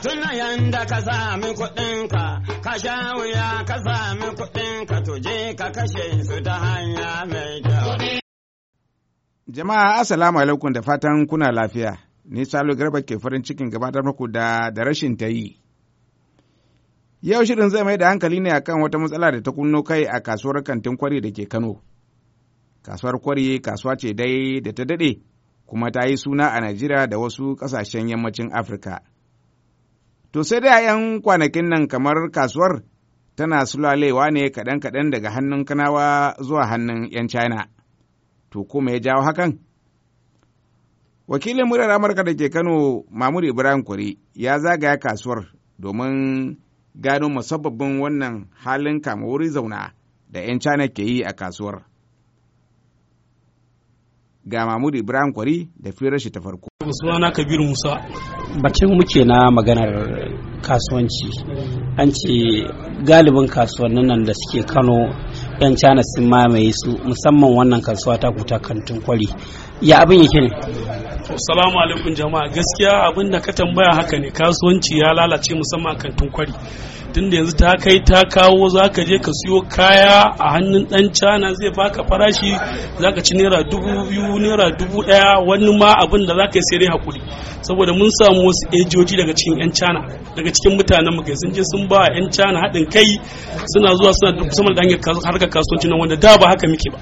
ka tuna yanda ka sami kuɗinka, ka sha wuya ka sami kuɗinka tuje ka kashe su da hanya mai kyau. Jama'a Assalamu alaikum da fatan kuna lafiya, ni Salo Garba ke farin cikin gabatar muku da da rashin ta yi. Yau shirin zai mai da hankali ne akan wata matsala da ta kunno kai a kasuwar kantin kwari da ke Kano. Kasuwar kwari kasuwa ce dai da ta daɗe kuma ta yi suna a Najeriya da wasu ƙasashen yammacin Afirka. To sai da a ‘yan kwanakin nan kamar kasuwar tana sulalewa ne kaɗan-kaɗan daga hannun kanawa zuwa hannun ‘yan China. To kuma ya jawo hakan? Wakilin murar Amurka da ke Kano mamud Ibrahim Kwari ya zagaya kasuwar domin gano musabbabin wannan halin kama wuri zauna da ‘yan China ke yi a kasuwar. ga Mahmud Ibrahim Kwari da firar shi ta farko. Sunana Kabiru Musa. Bacin muke na maganar kasuwanci. An ce galibin kasuwannin nan da suke Kano 'yan cana sun mamaye su musamman wannan kasuwa ta kuta kantin kwari. Ya abin yake ne? Salamu alaikum jama'a gaskiya abin da ka tambaya haka ne kasuwanci ya lalace musamman kantin kwari. tunda yanzu ta kai ta kawo za ka je ka siyo kaya a hannun dan cana zai baka farashi za ka ci naira dubu biyu naira dubu daya wani ma abin da za ka yi sai dai hakuri saboda mun samu wasu ejoji daga cikin yan cana daga cikin mutanen mu kai sun je sun ba yan cana haɗin kai suna zuwa suna duk sama da hanyar harkar kasuwanci na wanda da ba haka muke ba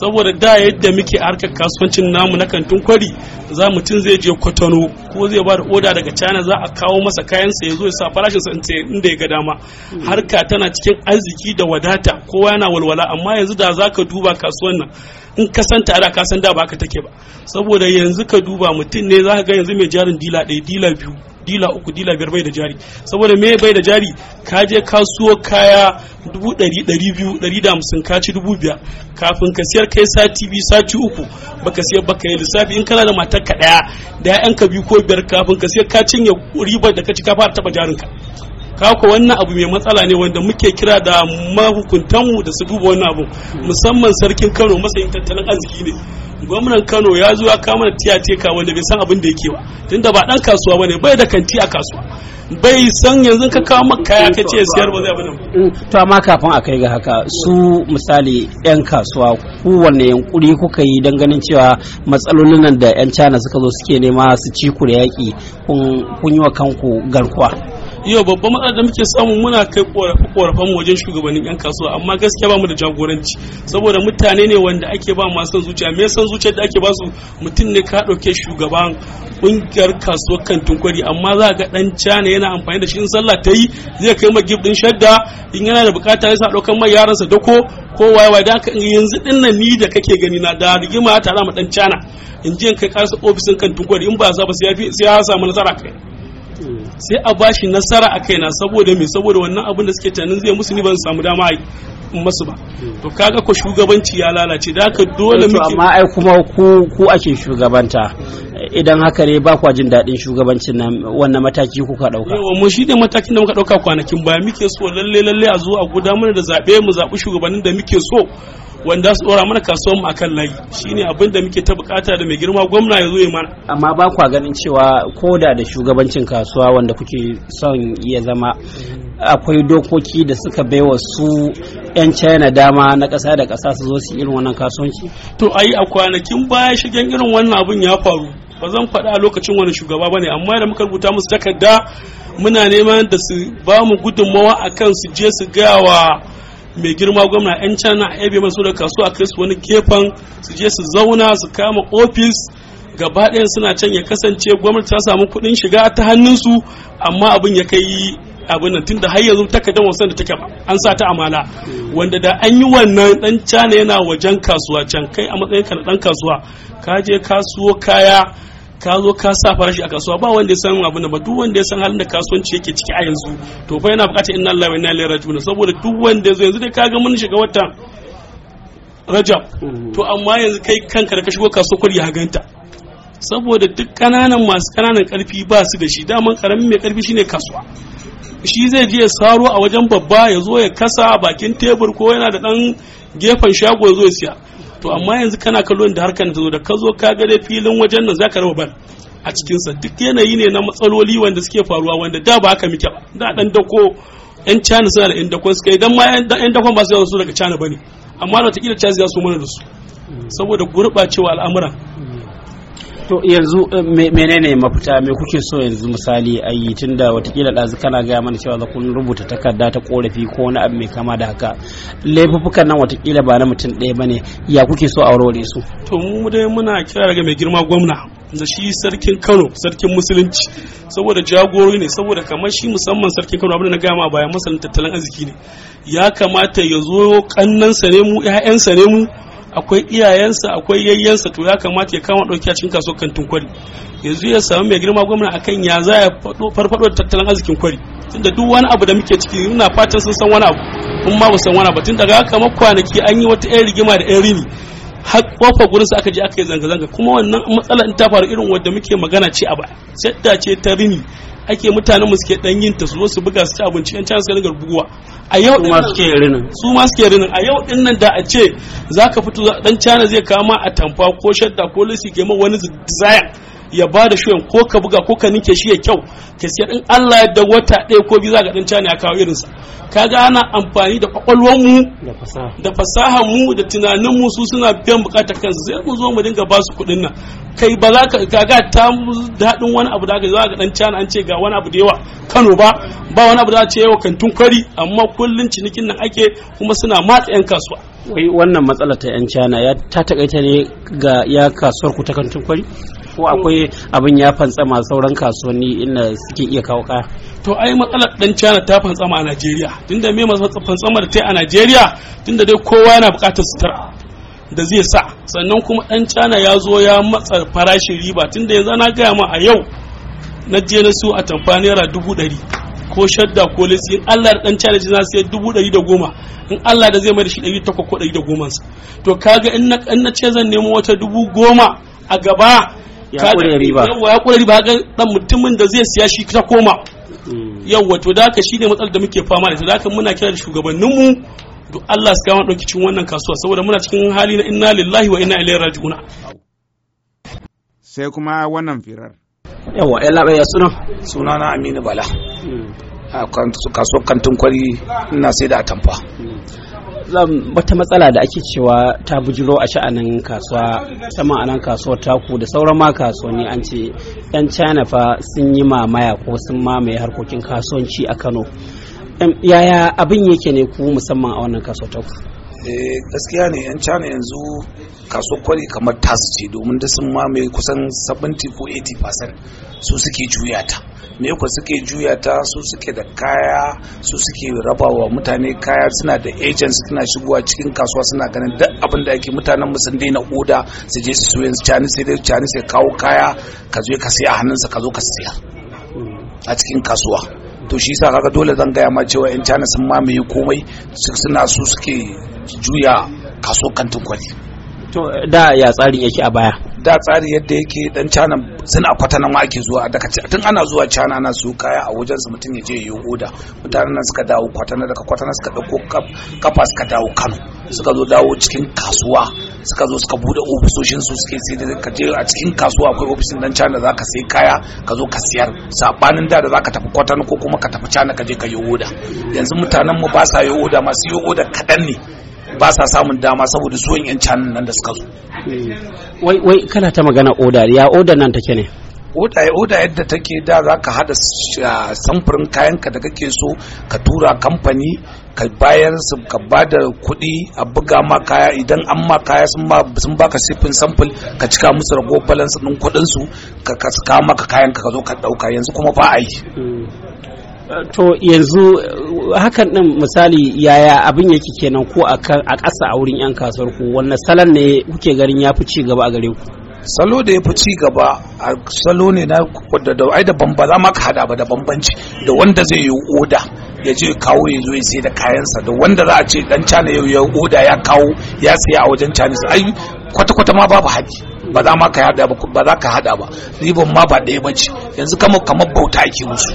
saboda da yadda muke harkar kasuwancin namu na kantin kwari za mutum zai je kwatano ko zai ba da oda daga china za a kawo masa kayansa ya zo ya sa farashin sa inda ya ga dama harka tana cikin arziki da wadata kowa yana walwala amma yanzu da za ka duba kasuwan nan in ka san tare ka da ba ka take ba saboda yanzu ka duba mutum ne za ka ga yanzu mai jarin dila ɗaya dila biyu dila uku dila biyar bai da jari saboda me bai da jari ka je kasuwa kaya dubu ɗari ɗari biyu ɗari da hamsin ka ci dubu biyar kafin ka siyar kai sati biyu sati uku baka siyar baka yi lissafi in kana da matar ka ɗaya da 'ya'yanka biyu ko biyar kafin ka siyar ka cinye ribar da ka ci ka fara taɓa ka. kako wannan abu mai matsala ne wanda muke kira da mahukuntanmu da su duba wannan abu musamman sarkin kano masayin tattalin arziki ne gwamnan kano ya zuwa ya kama da teka wanda bai san abin da yake ba tunda ba dan kasuwa bane bai da kanti a kasuwa bai san yanzu ka kawo maka kaya ka ce siyar ba zai abin mm, to amma kafin a kai ga haka su misali yan kasuwa kowanne yankuri kuka yi don ganin cewa matsalolin nan da yan cana suka zo suke nema su ci ku da yaƙi kun yi wa kanku garkuwa yau babban matsalar da muke samu muna kai korafan wajen shugabannin yan kasuwa amma gaskiya ba mu da jagoranci saboda mutane ne wanda ake ba masu son zuciya me san zuciyar da ake ba su mutum ne ka dauke shugaban kungiyar kasuwar kantin kwari amma za ga dan cana yana amfani da shi in sallah ta yi zai kai ma gibdin din shadda in yana da bukata sa daukan mai yaransa dako ko waye da yanzu din nan ni da kake gani na da rigima ta zama dan cana in je kai karsa ofisin kantin kwari in ba za ba sai ya samu nasara kai sai a bashi nasara a kaina saboda me saboda wannan abin da suke tunanin zai musu ni ban samu dama a masu ba hmm. to kaga ko shugabanci ya lalace da haka dole muke amma ai kuma ku ku ake shugabanta idan haka ne ba kwa jin daɗin shugabancin nan wannan mataki kuka ɗauka. Yawa mu shi ne matakin da muka ɗauka kwanakin baya muke so lalle lalle a zo a gudanar da zaɓe mu zaɓi shugabannin da muke so wanda su dora mana kasuwan mu akan layi shine abin da muke ta bukata da mai girma gwamna ya zo ya mana amma ba kwa ganin cewa koda da shugabancin kasuwa wanda kuke son iya zama akwai dokoki da suka baiwa su 'yan china dama na ƙasa da ƙasa su zo su irin wannan kasuwanci to ayi a kwanakin baya shigen irin wannan abin ya faru ba zan faɗa lokacin wani shugaba ba ne amma da muka rubuta musu takarda muna neman da su ba mu gudunmawa akan su je su gaya wa mai girma gwamna 'yan cana a ebe masu da kasuwa kai su wani gefen su je su zauna su kama ofis gaba ɗaya suna can ya kasance gwamnati ta samu kuɗin shiga ta hannunsu amma abin ya kai abin nan tunda har yanzu takardar wasan da take an sa ta amala wanda da an yi wannan dan cana yana wajen kasuwa can kai a matsayin ka na dan kasuwa ka je kasuwa kaya ka zo ka sa farashi a kasuwa ba wanda ya san abin da ba duk wanda ya san halin da kasuwanci yake ciki a yanzu to fa yana bukatar inna lillahi wa inna ilaihi raji'un saboda duk wanda yazo yanzu dai ga mun shiga wata rajab mm-hmm. to amma yanzu kai kanka da ka shigo kasuwar kwari ya ganta saboda duk kananan masu kananan karfi ba su da shi daman karamin mai karfi shine kasuwa shi zai je saro a wajen babba ya zo ya kasa bakin tebur ko yana da dan gefen shago ya zo ya siya to amma yanzu kana kallon da harkar ta zo da ka zo ka ga dai filin wajen nan zaka raba bal a cikinsa duk yanayi ne na matsaloli wanda suke faruwa wanda da ba haka muke ba da dan dako yan cana suna da yan dakon suka idan ma yan dakon ba su yawan su daga cana bane amma da watakila cana ya su mana da su saboda gurbacewa al'amuran to yanzu eh, menene mafita me kuke so yanzu misali a yi tunda watakila ɗazu kana gaya mana cewa za ku rubuta takarda ta korafi ko wani abu mai kama da haka laifuffukan nan watakila ba na mutum ɗaya ba ne ya kuke so a warware su to mu dai muna kira daga mai girma gwamna da shi sarkin kano sarkin musulunci saboda jagorori ne saboda kamar shi musamman sarkin kano abinda na gama bayan masanin tattalin arziki ne ya kamata ya zo kannansa ne mu 'ya'yansa ne mu akwai iyayensa akwai yayyansa to ya kamata ya kama ɗauki a cikin kasuwar kantin kwari yanzu ya samu mai girma gwamna akan ya za ya farfaɗo da tattalin arzikin kwari tunda duk wani abu da muke ciki ina fatan sun san wani abu kun ma ba san wani abu tun daga haka kwanaki an yi wata 'yan rigima da 'yan rini har kofa gurin sa aka je aka yi zanga-zanga kuma wannan matsala in ta faru irin wadda muke magana ce a ba sadda ce ta rini ake mutane mu suke dan yin ta su zo su buga su ci abinci yan can ga buguwa a yau din suke rinin su ma suke rinin a yau din nan da a ce zaka fito dan cana zai kama a tamfa ko shadda ko lisi ke ma wani desire ya ba da shoyin ko ka buga ko ka ninke shi ya kyau ke siyar in Allah ya da wata ɗaya ko biyu za ka ɗan cani a kawo irinsa kaga ana amfani da mu da fasaha mu da tunanin mu su suna biyan bukatar kansu sai mu zo mu dinga ba su kuɗin nan kai ba za ka kaga ta daɗin wani abu da aka za ka ɗan cana an ce ga wani abu da yawa Kano ba ba wani abu da ce yawa kantun kwari amma kullun cinikin nan ake kuma suna matsa 'yan kasuwa wai wannan matsala ta 'yan cana ya ta takaita ne ga ya kasuwar ku ta kantun kwari ko akwai abin ya fantsama sauran kasuwanni inda suke iya kawo kaya to ai matsalar dan China ta fantsama a Najeriya tunda me fantsama da ta a Najeriya tunda dai kowa yana buƙatar sutura da zai sa sannan kuma dan China ya zo ya matsa farashin riba tunda yanzu na gaya ma a yau na je na su a tamfa naira dubu ɗari ko shadda ko lesi in Allah da dan ji na sai dubu ɗari da goma in Allah da zai mai da shi ɗari takwas ko ɗari da goma to kaga in na ce zan nemo wata dubu goma a gaba ya kure riba yawa ya kure riba ga dan mutumin da zai siya shi ta koma hmm. yawa to da haka shine matsalar da muke fama da ita da haka muna kira da mu duk Allah su kama dauki cikin wannan kasuwa saboda muna cikin hali na inna lillahi wa inna ilaihi raji'un sai kuma wannan firar yawa ya labai ya suna sunana Aminu Bala hmm. a kasuwar kantin kwari ina sai da atamfa hmm. wata matsala da ake cewa ta bujiro a sha'anin kasuwa musamman a nan kasuwar taku da sauran ma kasuwanni an ce yan china fa sun yi mamaya ko sun mamaye harkokin kasuwanci a kano yaya abin yake ne ku musamman a wannan kasuwar taku Eh, gaskiya ne yan cana yanzu kaso kwari kamar tasu ce domin da sun mamaye kusan 70 ko 80 su suke juya ta me ku suke juya ta su suke da kaya su suke rabawa mutane kaya suna da agents suna shigowa cikin kasuwa suna ganin duk abin da ake mutanen mu sun daina oda su je su yanzu cani sai dai cani sai kawo kaya ka zo ka siya hannunsa ka zo ka siya a cikin kasuwa to shi sa kaga dole zan gaya ma cewa yan china sun mamaye komai suna su suke juya kaso kantin kwari to da ya tsarin yake a baya da tsari yadda yake dan cana suna kwata nan ake zuwa daga tun ana zuwa cana na su kaya a wajen su mutum ya je yi oda mutanen nan suka dawo kwatana daga kwatana suka dauko kafa suka dawo kano suka zo dawo cikin kasuwa suka zo suka bude ofisoshin su suke sai da ka je a cikin kasuwa akwai ofisin dan cana zaka sai kaya ka zo ka siyar sabanin da da zaka tafi kwatana ko kuma ka tafi cana ka je ka yi oda yanzu mutanen mu ba sa yi oda masu yi oda kadan ne ba sa samun dama saboda zuwan yan canan nan da suka zo hmm. wai wai kana ta magana oda ya oda nan take ne oda ya oda yadda take da za ka hada ah, samfurin kayanka da kake so ka tura kamfani ka bayar su ka ba da kuɗi a buga ma kaya idan an ma kaya sun ba ka sifin samfur ka cika musu rago balance ɗin kuɗin su ka kama ka kayan ka zo ka ɗauka yanzu kuma ba a yi hmm. to yanzu hakan ɗin misali yaya abin yake kenan ko a ƙasa a wurin 'yan kasuwar ku wanne salon ne kuke garin ya fi ci gaba a gare ku salo da ya fi ci gaba a salo ne na da da ai da bambara ma ka hada ba da bambanci da wanda zai yi oda ya je kawo ya zo ya sai da kayansa da wanda za a ce dan cana yau ya oda ya kawo ya saya a wajen chinese ai kwata-kwata ma babu haɗi ba za ma ka hada ba ba za ka hada ba ribon ma ba ɗaya ce yanzu kamar kamar bauta ake musu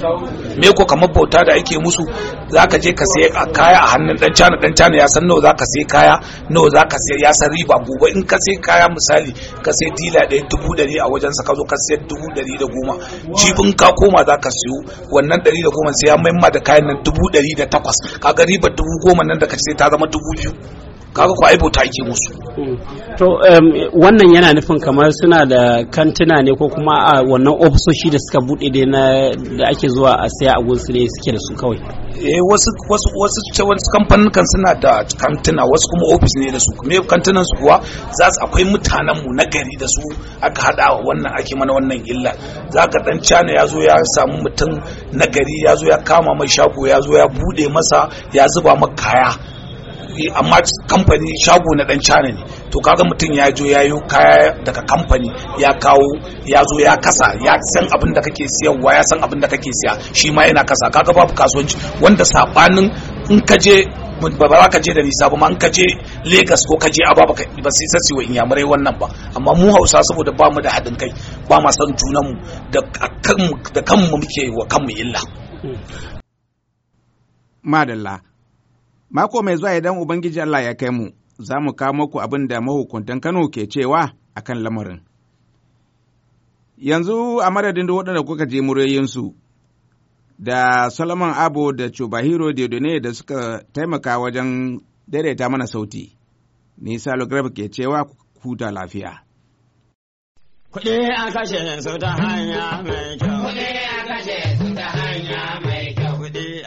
me ko kamar bauta da ake musu zaka je ka sai kaya a hannun dan cana dan cana ya san nawa zaka sai kaya nawa zaka sai ya san riba gobe in ka sai kaya misali ka sai dila ɗaya dubu ɗari a wajensa ka zo ka sai dubu ɗari da goma jibin ka koma zaka siyo wannan ɗari da goma sai ya maimma da kayan nan dubu ɗari da takwas kaga ribar dubu goma nan da ka sai ta zama dubu biyu kaga ko ai bauta yake musu to wannan yana nufin kamar suna da kantina ne ko kuma a wannan ofisoshi da suka bude da na da ake zuwa a saya a gunsu ne suke da su kawai eh wasu wasu wasu wasu kamfanin kan suna da kantina wasu kuma ofis ne da su me kantunan su kuwa za su akwai mutanen mu na gari da su aka hada wannan ake mana wannan illa zaka dan cana ya zo ya samu mutum na gari ya zo ya kama mai shago ya zo ya bude masa ya zuba maka kaya amma kamfani shago na dan cana ne to kaga mutum ya jo ya yi kaya daga kamfani ya kawo ya zo ya kasa ya san abin da kake siyarwa ya san abin da kake siya shi ma yana kasa kaga babu kasuwanci wanda sabanin in ka je ba ba ka je da nisa ba in ka je Lagos ko ka je Ababa ba sai sassi wa inyamurai wannan ba amma mu Hausa saboda ba mu da haɗin kai ba ma san junanmu da kanmu da kanmu muke wa kanmu illa madalla Mako mai zuwa idan Ubangiji Allah ya kai mu, za mu kawo muku abin da mahukuntan Kano ke cewa a kan lamarin. Yanzu a madadin da waɗanda kuka je muryoyinsu, da Solomon Abo da Chubahiro Diodone da suka taimaka wajen daidaita mana sauti, ni ke cewa huta lafiya. Kuɗi a kashe su ta hanya mai kyau. Kuɗi a kashe su ta hanya mai